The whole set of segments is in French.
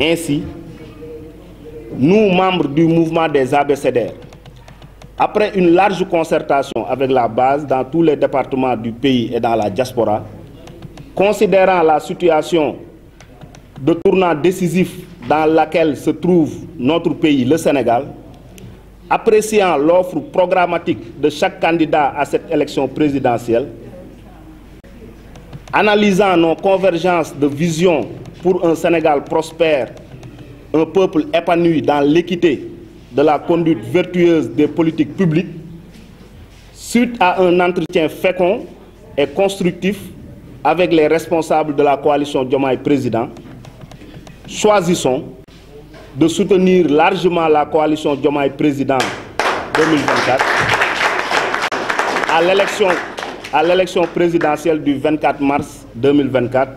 Ainsi, nous, membres du mouvement des ABCDR, après une large concertation avec la base dans tous les départements du pays et dans la diaspora, considérant la situation de tournant décisif dans laquelle se trouve notre pays, le Sénégal, appréciant l'offre programmatique de chaque candidat à cette élection présidentielle, analysant nos convergences de vision pour un Sénégal prospère, un peuple épanoui dans l'équité de la conduite vertueuse des politiques publiques, suite à un entretien fécond et constructif avec les responsables de la coalition Diomaye Président, choisissons de soutenir largement la coalition Diomaye Président 2024 à l'élection à l'élection présidentielle du 24 mars 2024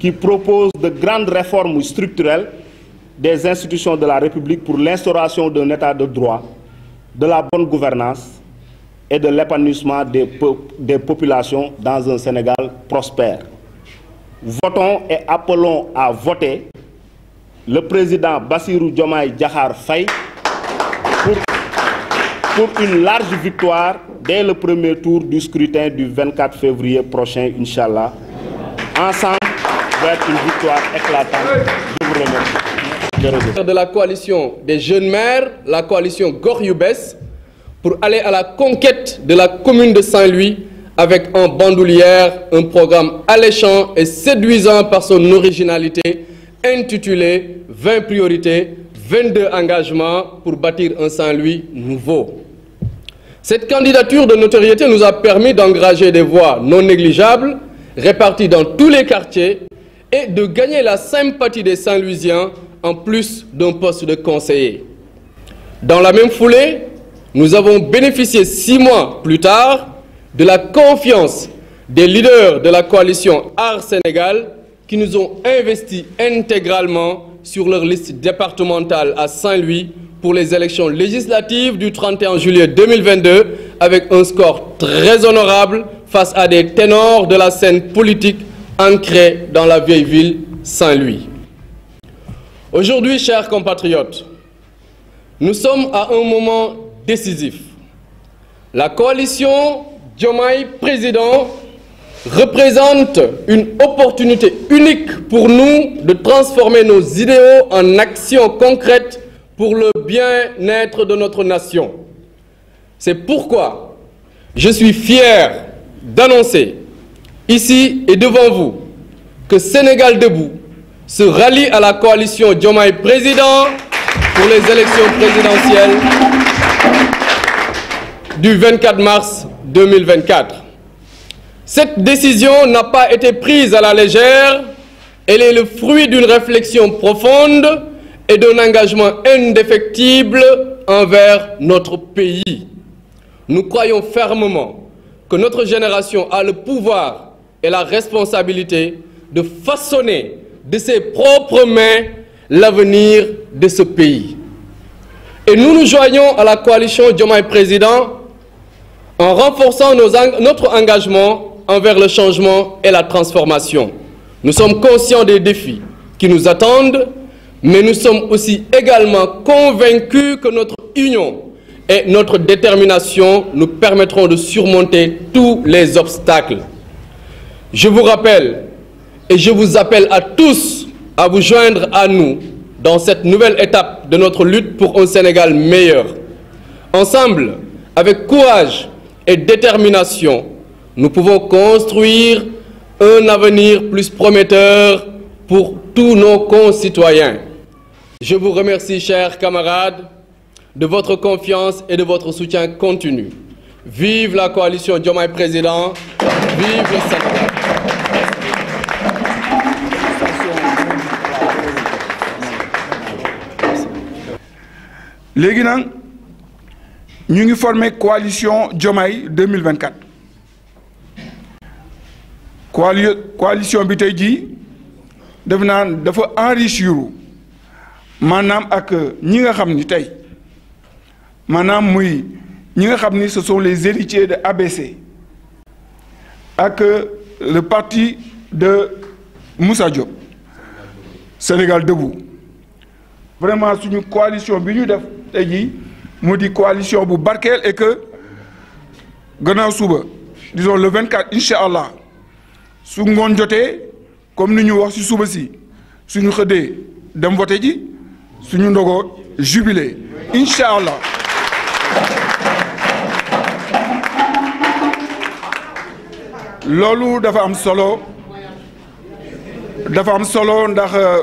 qui propose de grandes réformes structurelles des institutions de la République pour l'instauration d'un état de droit, de la bonne gouvernance et de l'épanouissement des, populations dans un Sénégal prospère. Votons et appelons à voter le président Bassirou Diomaye Jahar Faye pour, une large victoire dès le premier tour du scrutin du 24 février prochain, Inch'Allah. Ensemble, va être une victoire éclatante. Je De la coalition des jeunes maires, la coalition Goriubès, pour aller à la conquête de la commune de Saint-Louis avec en bandoulière un programme alléchant et séduisant par son originalité intitulé 20 priorités, 22 engagements pour bâtir un Saint-Louis nouveau. Cette candidature de notoriété nous a permis d'engager des voies non négligeables réparties dans tous les quartiers et de gagner la sympathie des Saint-Louisiens en plus d'un poste de conseiller. Dans la même foulée, nous avons bénéficié six mois plus tard de la confiance des leaders de la coalition Art Sénégal qui nous ont investi intégralement sur leur liste départementale à Saint-Louis pour les élections législatives du 31 juillet 2022 avec un score très honorable face à des ténors de la scène politique ancré dans la vieille ville Saint-Louis. Aujourd'hui, chers compatriotes, nous sommes à un moment décisif. La coalition Diomaye Président représente une opportunité unique pour nous de transformer nos idéaux en actions concrètes pour le bien-être de notre nation. C'est pourquoi je suis fier d'annoncer ici et devant vous, que Sénégal Debout se rallie à la coalition Diomaye Président pour les élections présidentielles du 24 mars 2024. Cette décision n'a pas été prise à la légère, elle est le fruit d'une réflexion profonde et d'un engagement indéfectible envers notre pays. Nous croyons fermement que notre génération a le pouvoir et la responsabilité de façonner de ses propres mains l'avenir de ce pays. Et nous nous joignons à la coalition Diomaye Président en renforçant nos, notre engagement envers le changement et la transformation. Nous sommes conscients des défis qui nous attendent, mais nous sommes aussi également convaincus que notre union et notre détermination nous permettront de surmonter tous les obstacles. Je vous rappelle et je vous appelle à tous à vous joindre à nous dans cette nouvelle étape de notre lutte pour un Sénégal meilleur. Ensemble, avec courage et détermination, nous pouvons construire un avenir plus prometteur pour tous nos concitoyens. Je vous remercie, chers camarades, de votre confiance et de votre soutien continu. Vive la coalition Diomaye Président, vive le Nous nan, ñu ngi formé coalition Djomaï 2024 La coalition bi devenant jii def dafa enrichir maanaam ak ñi nga ce sont les héritiers de ABC ak le parti de Moussa Diop Sénégal debout vraiment une coalition bi ñu def tey coalition bu barkel et que gënaaw suba disons le 24 inshallah, allah su ngoon jotee comme ni ñu wax si suba ci suñu xëdé dem voté ji suñu ndogo jubilé incha lolu dafa am solo dafa am solo ndax. Euh,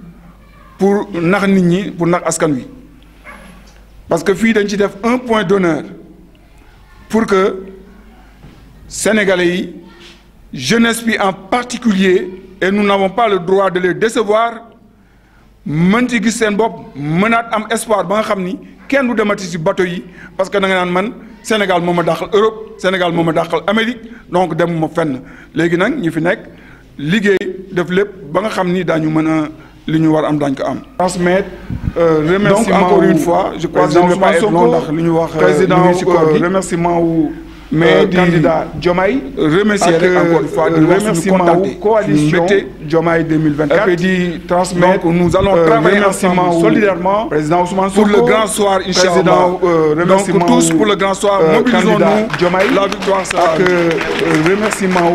pour nax nit ñi pour nax askan wi parce que fi dañ ci def un point d'honneur pour que sénégalais yi jeunesse bi en particulier et nous n'avons pas le droit de les décevoir mën ci gis seen bopp mënaat am espoir ba nga xam ni kenn du demati ci bateau yi parce que da nga naan man Sénégal moo ma Europe Sénégal moo ma Amérique donc demuma fenn léegi nag ñu fi nekk liggéey def lépp ba nga xam ni daañu mën a li ñu war am dañ ko am. transmettre euh, remerciement donc encore une fois je crois que je ne vais pas être long euh, président euh, remerciements ou. remerciement euh, mais di candidat Diomaye. remercier rek encore une fois le remerciement ou coalition Jomay 2024. et dit transmettre donc nous allons travailler ensemble solidairement. président Ousmane pour le grand soir incha allah donc tous pour le grand soir. mobilisons-nous la victoire sera euh, remerciement